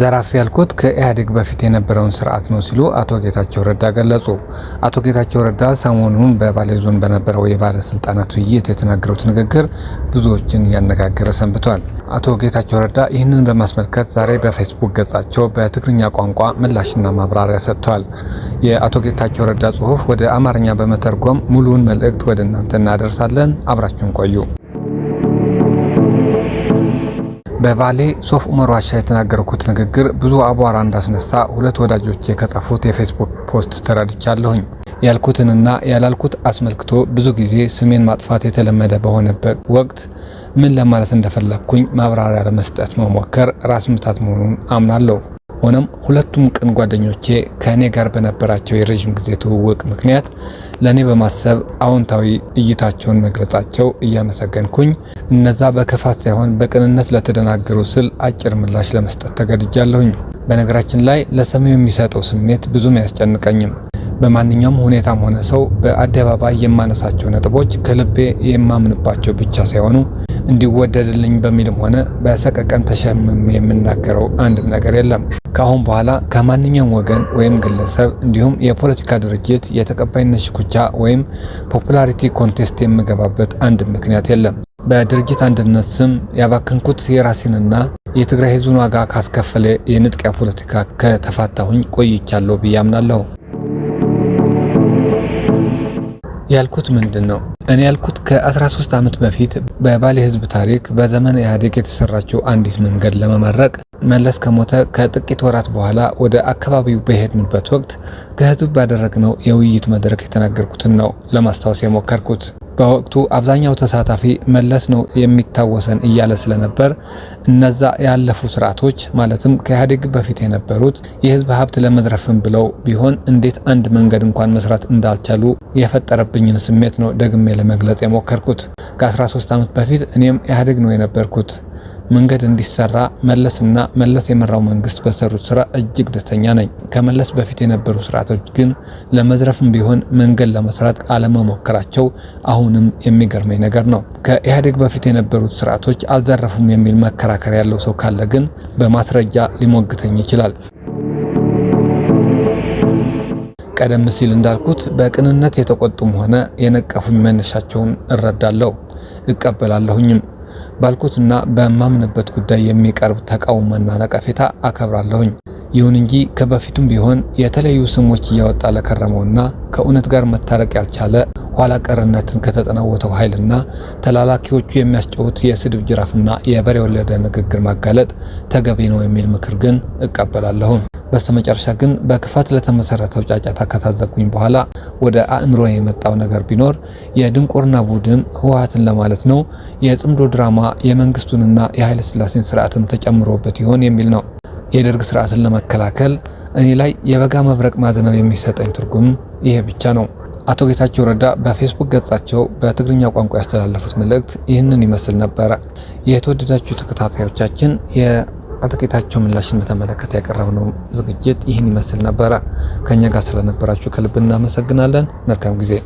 ዘራፊ ያልኩት ከኢህአዴግ በፊት የነበረውን ስርዓት ነው ሲሉ አቶ ጌታቸው ረዳ ገለጹ። አቶ ጌታቸው ረዳ ሰሞኑን በባሌ ዞን በነበረው የባለስልጣናት ውይይት የተናገሩት ንግግር ብዙዎችን ያነጋገረ ሰንብቷል። አቶ ጌታቸው ረዳ ይህንን በማስመልከት ዛሬ በፌስቡክ ገጻቸው በትግርኛ ቋንቋ ምላሽና ማብራሪያ ሰጥተዋል። የአቶ ጌታቸው ረዳ ጽሁፍ ወደ አማርኛ በመተርጎም ሙሉውን መልእክት ወደ እናንተ እናደርሳለን። አብራችሁን ቆዩ። በባሌ ሶፍ ኡመር ዋሻ የተናገርኩት ንግግር ብዙ አቧራ እንዳስነሳ ሁለት ወዳጆች ከጻፉት የፌስቡክ ፖስት ተረድቻለሁኝ። ያልኩትንና ያላልኩት አስመልክቶ ብዙ ጊዜ ስሜን ማጥፋት የተለመደ በሆነበት ወቅት ምን ለማለት እንደፈለግኩኝ ማብራሪያ ለመስጠት መሞከር ራስ ምታት መሆኑን አምናለሁ። ሆነም ሁለቱም ቅን ጓደኞቼ ከእኔ ጋር በነበራቸው የረዥም ጊዜ ትውውቅ ምክንያት ለእኔ በማሰብ አዎንታዊ እይታቸውን መግለጻቸው እያመሰገንኩኝ እነዛ በክፋት ሳይሆን በቅንነት ለተደናገሩ ስል አጭር ምላሽ ለመስጠት ተገድጃለሁኝ። በነገራችን ላይ ለሰሚው የሚሰጠው ስሜት ብዙም አያስጨንቀኝም። በማንኛውም ሁኔታም ሆነ ሰው በአደባባይ የማነሳቸው ነጥቦች ከልቤ የማምንባቸው ብቻ ሳይሆኑ እንዲወደድልኝ በሚልም ሆነ በሰቀቀን ተሸምም የምናገረው አንድም ነገር የለም። ከአሁን በኋላ ከማንኛውም ወገን ወይም ግለሰብ እንዲሁም የፖለቲካ ድርጅት የተቀባይነት ሽኩቻ ወይም ፖፑላሪቲ ኮንቴስት የምገባበት አንድ ምክንያት የለም። በድርጅት አንድነት ስም ያባከንኩት የራሴንና የትግራይ ህዝብን ዋጋ ካስከፈለ የንጥቂያ ፖለቲካ ከተፋታሁኝ ቆይቻለሁ ብዬ አምናለሁ። ያልኩት ምንድን ነው? እኔ ያልኩት ከ13 ዓመት በፊት በባሌ ህዝብ ታሪክ በዘመን ኢህአዴግ የተሰራችው አንዲት መንገድ ለመመረቅ መለስ ከሞተ ከጥቂት ወራት በኋላ ወደ አካባቢው በሄድንበት ወቅት ከህዝብ ባደረግነው የውይይት መድረክ የተናገርኩትን ነው ለማስታወስ የሞከርኩት። በወቅቱ አብዛኛው ተሳታፊ መለስ ነው የሚታወሰን እያለ ስለነበር እነዛ ያለፉ ስርዓቶች ማለትም ከኢህአዴግ በፊት የነበሩት የህዝብ ሀብት ለመዝረፍም ብለው ቢሆን እንዴት አንድ መንገድ እንኳን መስራት እንዳልቻሉ የፈጠረብኝን ስሜት ነው ደግሜ ለመግለጽ የሞከርኩት። ከ13 ዓመት በፊት እኔም ኢህአዴግ ነው የነበርኩት። መንገድ እንዲሰራ መለስና መለስ የመራው መንግስት በሰሩት ስራ እጅግ ደስተኛ ነኝ። ከመለስ በፊት የነበሩ ስርዓቶች ግን ለመዝረፍም ቢሆን መንገድ ለመስራት አለመሞከራቸው አሁንም የሚገርመኝ ነገር ነው። ከኢህአዴግ በፊት የነበሩት ስርዓቶች አልዘረፉም የሚል መከራከር ያለው ሰው ካለ ግን በማስረጃ ሊሞግተኝ ይችላል። ቀደም ሲል እንዳልኩት በቅንነት የተቆጡም ሆነ የነቀፉኝ መነሻቸውን እረዳለሁ፣ እቀበላለሁኝም። ባልኩትና በማምንበት ጉዳይ የሚቀርብ ተቃውሞና ነቀፌታ አከብራለሁኝ። ይሁን እንጂ ከበፊቱም ቢሆን የተለያዩ ስሞች እያወጣ ለከረመውና ከእውነት ጋር መታረቅ ያልቻለ ኋላ ቀርነትን ከተጠናወተው ኃይልና ተላላኪዎቹ የሚያስጨውት የስድብ ጅራፍና የበሬ ወለደ ንግግር ማጋለጥ ተገቢ ነው የሚል ምክር ግን እቀበላለሁም። በስተመጨረሻ ግን በክፋት ለተመሰረተው ጫጫታ ከታዘኩኝ በኋላ ወደ አእምሮ የመጣው ነገር ቢኖር የድንቁርና ቡድን ህወሀትን ለማለት ነው የጽምዶ ድራማ የመንግስቱንና የኃይለ ስላሴን ስርዓትም ተጨምሮበት ይሆን የሚል ነው። የደርግ ስርዓትን ለመከላከል እኔ ላይ የበጋ መብረቅ ማዝነብ የሚሰጠኝ ትርጉም ይሄ ብቻ ነው። አቶ ጌታቸው ረዳ በፌስቡክ ገጻቸው በትግርኛ ቋንቋ ያስተላለፉት መልእክት ይህንን ይመስል ነበረ። የተወደዳችሁ ተከታታዮቻችን አቶ ጌታቸው ምላሽን በተመለከተ ያቀረብነው ዝግጅት ይህን ይመስል ነበረ። ከእኛ ጋር ስለነበራችሁ ከልብ እናመሰግናለን። መልካም ጊዜ